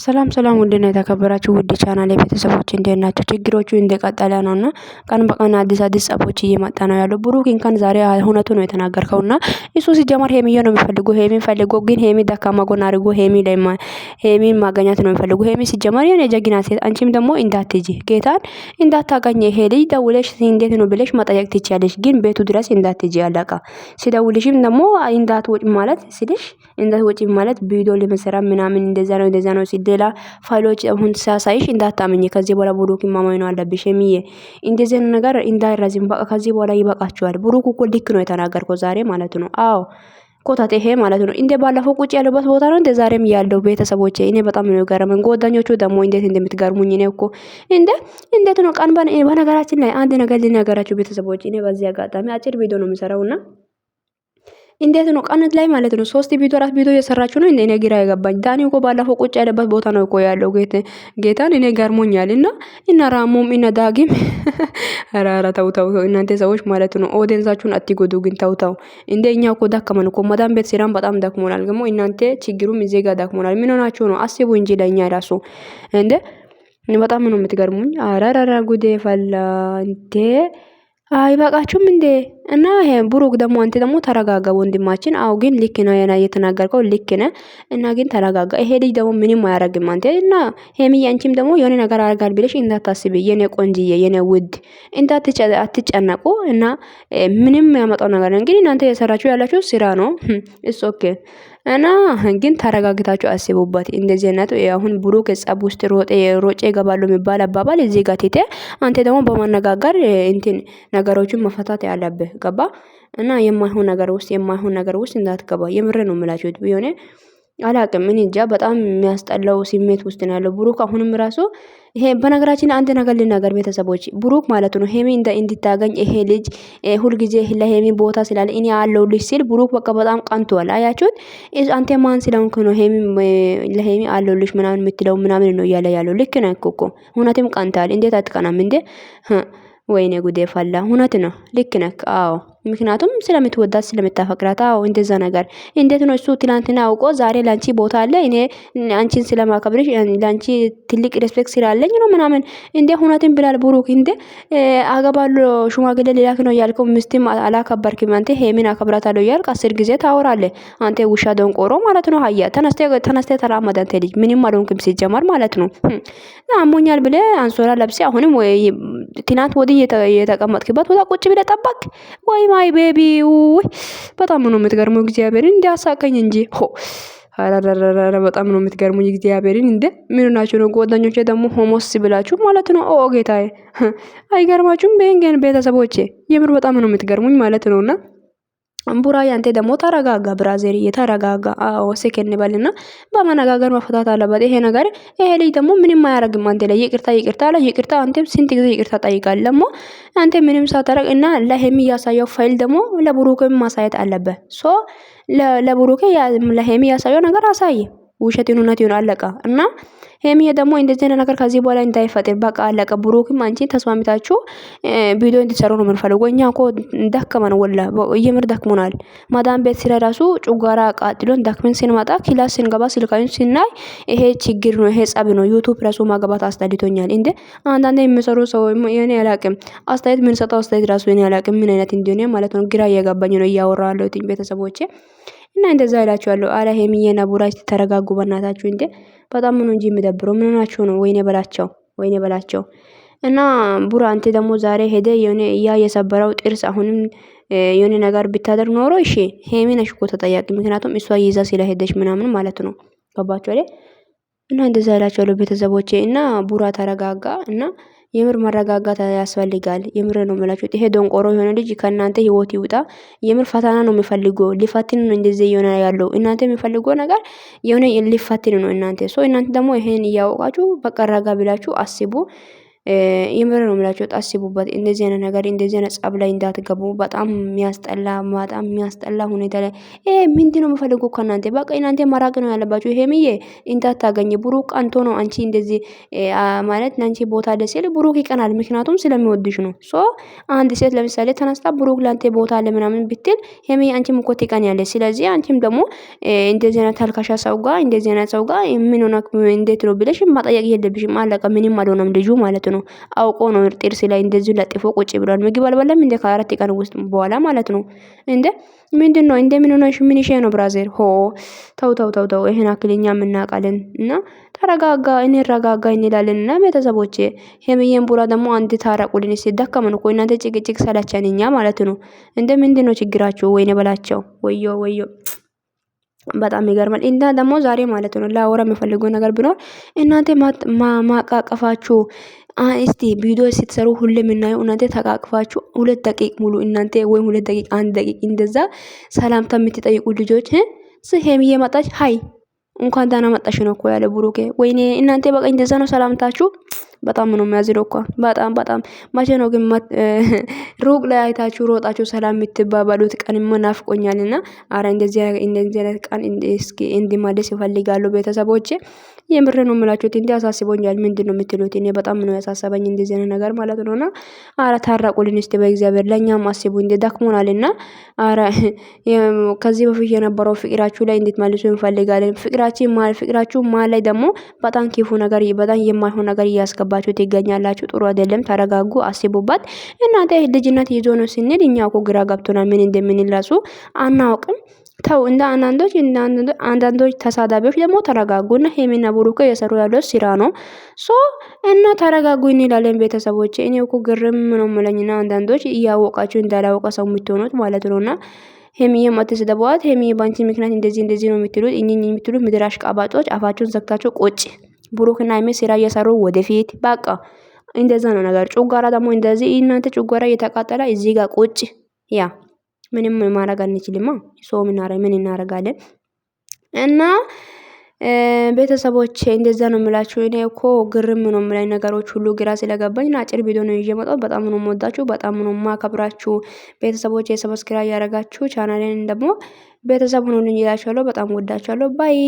ሰላም ሰላም ውድና የተከበራችሁ ውድ ቻናል የቤተሰቦች እንዴት ናቸው? ችግሮቹ እንደቀጠለ ነው እና ቀን በቀን አዲስ አዲስ ጸቦች እየመጣ ነው ያለው። ብሩክ እንኳን ዛሬ እውነቱ ነው የተናገርከው እና እሱ ሲጀመር ሄሚዮ ነው የሚፈልጉ ሄሚ ፈልጎ ግን ሄሚ ደካማ ጎን አድርጎ ሄሚ ላይ ሄሚን ማገኛት ነው የሚፈልጉ። ሄሚ ሲጀመር የኔ ጀግና ሴት፣ አንቺም ደግሞ እንዳትጂ ጌታን እንዳታገኘ ይሄ ልጅ ደውለሽ እንዴት ነው ብለሽ መጠየቅ ትችያለሽ፣ ግን ቤቱ ድረስ እንዳትጂ አለቃ። ሲደውልሽም ደግሞ እንዳትወጪ ማለት ሲልሽ እንዳትወጪ ማለት ቪዲዮ ለመሰራ ምናምን እንደዛ ነው እንደዛ ነው ሲደላ ፋይሎች አሁን ሲያሳይሽ እንዳታመኝ። ከዚህ በኋላ ብሩክ ማማኝ ነው አለብሽ የሚዬ እንደዚህ ነገር እንዳይራዝም በቃ ከዚህ በኋላ ይበቃችኋል። ብሩክ እኮ ልክ ነው የተናገርከው ዛሬ ማለት ነው። አዎ ኮታቴ ይሄ ማለት ነው። እንደ ባለፈው ቁጭ ያለበት ቦታ ነው እንደ ዛሬም ያለው ቤተሰቦቼ። እኔ በጣም ነው ገረመኝ። ጓደኞቹ ደግሞ እንዴት እንደምትገርሙኝ እኔ እኮ እንደ እንዴት ነው ቀን በነገራችን ላይ አንድ ነገር ልናገራችሁ ቤተሰቦች። እኔ በዚህ አጋጣሚ አጭር ቪዲዮ ነው የምሰራውና እንዴት ነው ቀነት ላይ ማለት ነው ሶስት ቢቶ አራት ቢቶ እየሰራችሁ ነው? እኔ ግራ የገባኝ ዳኒ እኮ ባለፈው ቁጭ ያለበት ቦታ ነው እኮ ያለው። ጌታ ጌታን እኔ ገርሞኛል። እና እና ራሙም እና ዳጊም አራራ ተው ተው፣ እናንተ ሰዎች ማለት ነው ኦዲየንሳችሁን አትጎዱ። ግን ተው ተው፣ እንደኛ እኮ ዳከመን እኮ መዳም ቤት ሲራም በጣም ዳክሞናል። ደግሞ እናንተ ችግሩም እዚህ ጋር ዳክሞናል። ምን ሆናችሁ ነው? አስቡ እንጂ ለኛ ራሱ እንደ በጣም ነው የምትገርሙኝ። አራራራ ጉዴ ፈላ እንዴ! አይበቃችሁም እንዴ? እና ብሩክ ደግሞ አንተ ደግሞ ተረጋጋ ወንድማችን። አው ግን ልክ ነው የና የተናገርከው ልክ ነ እና ግን ተረጋጋ። ይሄ ልጅ ደግሞ ምንም አያረግም አንተ እና ሄሚዬ፣ አንቺም ደግሞ የሆነ ነገር አርጋል ብለሽ እንዳታስቢ የኔ ቆንጅዬ፣ የኔ ውድ እንዳትጨነቁ እና ምንም ያመጣው ነገር እንግዲህ እናንተ የሰራችሁ ያላችሁ ስራ ነው። እስ ኦኬ እና ግን ተረጋግታችሁ አስቡበት። እንደዚህ አይነቱ አሁን ብሩክ ጸብ ውስጥ ሮጬ ይገባሉ የሚባል አባባል እዚህ ጋር ትቴ አንተ ደግሞ በማነጋገር እንትን ነገሮችን መፈታት ያለብህ ገባ እና የማይሆን ነገር ውስጥ የማይሆን ነገር ውስጥ እንዳትገባ የምር ነው የምላችሁ። ቢሆነ አላቅም እኔ እንጃ በጣም የሚያስጠላው ስሜት ውስጥ ነው ያለው ብሩክ። አሁንም ራሱ ይሄ በነገራችን አንድ ነገር ልናገር ቤተሰቦች፣ ብሩክ ማለት ነው ሄሚ እንድታገኝ ይሄ ልጅ ሁልጊዜ ለሄሚ ቦታ ስላለ እኔ አለው ልጅ ሲል ብሩክ በቃ በጣም ቀንቷል። አያችሁት? አንተ ማን ስለሆንክ ነው ሄሚ ለሄሚ አለው ልጅ ምናምን የምትለው ምናምን ነው እያለ ያለው ልክ ነው እኮ እውነትም ቀንታል። እንዴት አትቀናም እንዴ? ወይኔ ጉዴ ፈላ። እውነት ነው። ልክ ነክ። አዎ ምክንያቱም ስለምትወዳት ስለምታፈቅራት። አዎ እንደዛ ነገር እንዴት ነው እሱ ትላንትና አውቆ ዛሬ ለአንቺ ቦታ አለ እኔ አንቺን ስለማከብርሽ ለአንቺ ትልቅ ሬስፔክት ስላለኝ ነው ምናምን እንዴ ሁነትን ብላል ቡሩክ። እንዴ አገባሉ ሽማግሌ ሌላክ ነው እያልከው ሚስትም አላከበርክም አንተ። ሄሚን አከብራታለሁ ያልክ አስር ጊዜ ታወራለ አንተ ውሻ ደንቆሮ ማለት ነው። ሀያ ተነስተ ተራመደ አንተ ልጅ ምንም አልሆንክም ሲጀመር ማለት ነው። አሞኛል ብለ አንሶላ ለብሴ አሁንም ትናንት ወዲህ የተቀመጥክበት ቦታ ቁጭ ብለ ጠባቅ ወይ ማይ ቤቢ ውይ በጣም ነው የምትገርመው። እግዚአብሔርን እንዲያሳቀኝ እንጂ ሆ አረረረረ በጣም ነው የምትገርሙኝ። እግዚአብሔርን እንደ ምን ናቸው ነው ጓደኞቼ ደግሞ ሆሞስ ብላችሁ ማለት ነው። ኦ ጌታዬ አይገርማችሁም? ቤንገን ቤተሰቦቼ የምር በጣም ነው የምትገርሙኝ ማለት ነውና አንቡራ ያንተ ደግሞ ተረጋጋ ብራዘር፣ የተረጋጋ አዎ፣ ሰከን በልና በመነጋገር መፈታት አለበት ይሄ ነገር። ይሄ ልጅ ደግሞ ምንም አያረግም አንተ ላይ ይቅርታ ይቅርታ አለ ይቅርታ። አንተም ስንት ጊዜ ይቅርታ ጠይቃለህ ደግሞ አንተ ምንም ሳታረግ እና ለሄም ያሳየው ፋይል ደግሞ ለብሩክ ማሳየት አለበት። ሶ ለብሩክ ለሄም ያሳየው ነገር አሳየ። ውሸት ይሁን እውነት ይሁን አለቃ። እና ሄሚዬ ደግሞ እንደዚህ አይነት ነገር ከዚህ በኋላ እንዳይፈጥር በቃ አለቀ። ብሩክም አንቺ ተስማምታችሁ ቪዲዮ እንድትሰሩ ነው የምንፈልገው። እኛ እኮ ደከመን ወላ እየምር ደክሞናል። ማዳም ቤት ስለ ራሱ ጩጋራ ቃጥሎን ደክመን ስንመጣ ክላስ ስንገባ ስልካዩን ስናይ ይሄ ችግር ነው፣ ይሄ ጸብ ነው። ዩቱብ ራሱ ማገባት አስጠልቶኛል። እንደ አንዳንድ የሚሰሩ ሰው ኔ አላቅም አስተያየት የምንሰጠው አስተያየት ራሱ ኔ አላቅም ምን አይነት እንዲሆነ ማለት ነው። ግራ እየገባኝ ነው እያወራለሁ ቤተሰቦቼ እና እንደዛ እላችኋለሁ። አረ ሄሚዬና ቡራጅ ተረጋጉ በእናታችሁ። እንዴ በጣም ነው እንጂ የሚደብረው። ምን ናቸው ነው? ወይኔ በላቸው፣ ወይኔ በላቸው። እና ቡራ አንተ ደግሞ ዛሬ ሄደ የሆነ ያ የሰበረው ጥርስ አሁንም የሆነ ነገር ብታደርግ ኖሮ እሺ፣ ሄሚ ነሽ እኮ ተጠያቂ። ምክንያቱም እሷ ይዛ ስለሄደች ምናምን ማለት ነው። ገባችሁ አይደል? እና እንደዛ እላችኋለሁ ቤተሰቦቼ። እና ቡራ ተረጋጋ እና የምር መረጋጋት ያስፈልጋል። የምር ነው የምላችሁ። ይሄ ደንቆሮ የሆነ ልጅ ከእናንተ ህይወት ይውጣ። የምር ፈተና ነው የሚፈልጎ ሊፋትን ነው እንደዚህ የሆነ ያለው እናንተ የሚፈልጎ ነገር የሆነ ሊፋትን ነው እናንተ። ሶ እናንተ ደግሞ ይሄን እያወቃችሁ በቀረጋ ረጋ ብላችሁ አስቡ። የምር ነው የምላቸው። ታስቡበት። እንደዚህ አይነት ነገር እንደዚህ አይነት ጸብ ላይ እንዳትገቡ። በጣም የሚያስጠላ በጣም የሚያስጠላ ሁኔታ ላይ ይሄ ምንድን ነው የምፈልገው ከእናንተ? በቃ እናንተ መራቅ ነው ያለባቸው። ይሄ ምዬ እንዳታገኝ ብሩክ ቀንቶ ነው አንቺ እንደዚህ ማለት ናንቺ ቦታ ደስ ይል ብሩክ ይቀናል። ምክንያቱም ስለሚወድሽ ነው። ሶ አንድ ሴት ለምሳሌ ተነስታ ብሩክ ለአንተ ቦታ ለምናምን ብትል ሄሜ አንቺም እኮ ያለ። ስለዚህ አንቺም ደግሞ እንደዚህ አይነት አልካሻ ሰው ጋር እንደዚህ አይነት ሰው ጋር ምን ሆነ እንዴት ነው ብለሽ ማጠየቅ የለብሽም። አለቀ። ምንም አልሆነም ልጁ ማለት ነው። ነው። አውቆ ነው ጥርስ ላይ እንደዚህ ለጥፎ ቁጭ ብሏል። ምግብ አልበላም እንደ ከአራት ቀን ውስጥ በኋላ ማለት ነው። እንደ ምንድን ነው እንደ ምን ሆነሽ ምን ይሽ ነው ብራዘር? ሆ ተው ተው ተው ተው፣ ይሄን አክል እኛ እና ተረጋጋ፣ እኔ እንረጋጋ እንላለን። እና ቤተሰቦቼ ሄምዬን ቡራ ደግሞ አንድ ታረቁልን ስ ደከመን እኮ እናንተ ጭቅጭቅ ሰላቸን እኛ ማለት ነው። እንደ ምንድን ነው ችግራችሁ? ወይኔ በላቸው ወዮ ወዮ በጣም ይገርማል። እና ደግሞ ዛሬ ማለት ነው ለአውራ የሚፈልገው ነገር ብኖር እናንተ ማቃቀፋችሁ እስቲ ቪዲዮ ስትሰሩ ሁሌ የምናየው እናንተ ተቃቅፋችሁ ሁለት ደቂቅ ሙሉ እናንተ ወይም ሁለት ደቂቅ አንድ ደቂቅ እንደዛ ሰላምታ የምትጠይቁ ልጆች ስሄም እየመጣች ሀይ እንኳን ዳና መጣሽ ነው እኮ ያለ ብሩኬ። ወይኔ እናንተ በቃ እንደዛ ነው ሰላምታችሁ። በጣም ነው የሚያዝነው እኮ በጣም በጣም። መቼ ነው ግን ሩቅ ላይ አይታችሁ ሮጣችሁ ሰላም የምትባባሉት ቀን? ናፍቆኛል እና አረ እንደዚህ አይነት ቀን እንዲመለስ ይፈልጋሉ ቤተሰቦቼ። የምር ነው የምላችሁት። እንዲ አሳስቦኛል። ምንድን ነው የምትሉት? እኔ በጣም ነው ያሳሰበኝ እንደዚህ አይነት ነገር ማለት ነው። ነውና፣ አረ ታረቁልን እስቲ በእግዚአብሔር ለእኛም አስቡ። ደክሞናል ደክሞናልና፣ አረ ከዚህ በፊት የነበረው ፍቅራችሁ ላይ እንዴት እንድትመልሱ እንፈልጋለን። ፍቅራችሁ ፍቅራችሁ ማል ላይ ደግሞ በጣም ኪፉ ነገር በጣም የማይሆን ነገር እያስገባ እያደረጋችሁት ይገኛላችሁ። ጥሩ አይደለም። ተረጋጉ፣ አስቡበት። እናንተ ልጅነት ይዞ ነው ስንል እኛ እኮ ግራ ገብቶና ምን እንደምንላሱ አናውቅም። ተው እንደ አንዳንዶች አንዳንዶች ተሳዳቢዎች ደግሞ ተረጋጉና ሄሚና ብሩክ የሰሩ ያለው ስራ ነው ሶ እና ተረጋጉ እንላለን። ቤተሰቦች እኔ እኮ ግርም ነው ምለኝና አንዳንዶች እያወቃችሁ እንዳላወቀ ሰው የምትሆኑት ማለት ነውና ሄሚዬ ማትስ ደቧት ሄሚዬ ባንቺ ምክንያት እንደዚህ እንደዚህ ነው የምትሉት እኚህ የምትሉት ምድር አሽቃባጮች አፋችሁን ዘግታችሁ ቆጭ ብሩክና ሀይሚ ስራ እየሰሩ ወደፊት በቃ እንደዛ ነው ነገር። ጩጋራ ደግሞ እንደዚህ እናንተ ጩጋራ እየተቃጠለ እዚህ ጋር ቁጭ ያ ምንም ማድረግ አንችልማ። ሰው ምን እናደርጋለን? እና ቤተሰቦች እንደዛ ነው የምላችሁ። እኔ እኮ ግርም ነው የምላኝ ነገሮች ሁሉ ግራ ስለገባኝ እና አጭር ቪዲዮ ነው ይዤ መጣሁ። በጣም ነው የምወዳችሁ፣ በጣም ነው የማከብራችሁ ቤተሰቦች። የሰብስክራይብ ያደረጋችሁ ቻናሌን ደግሞ ቤተሰብ ሆኖልኝ እላችኋለሁ። በጣም ወዳችኋለሁ። ባይ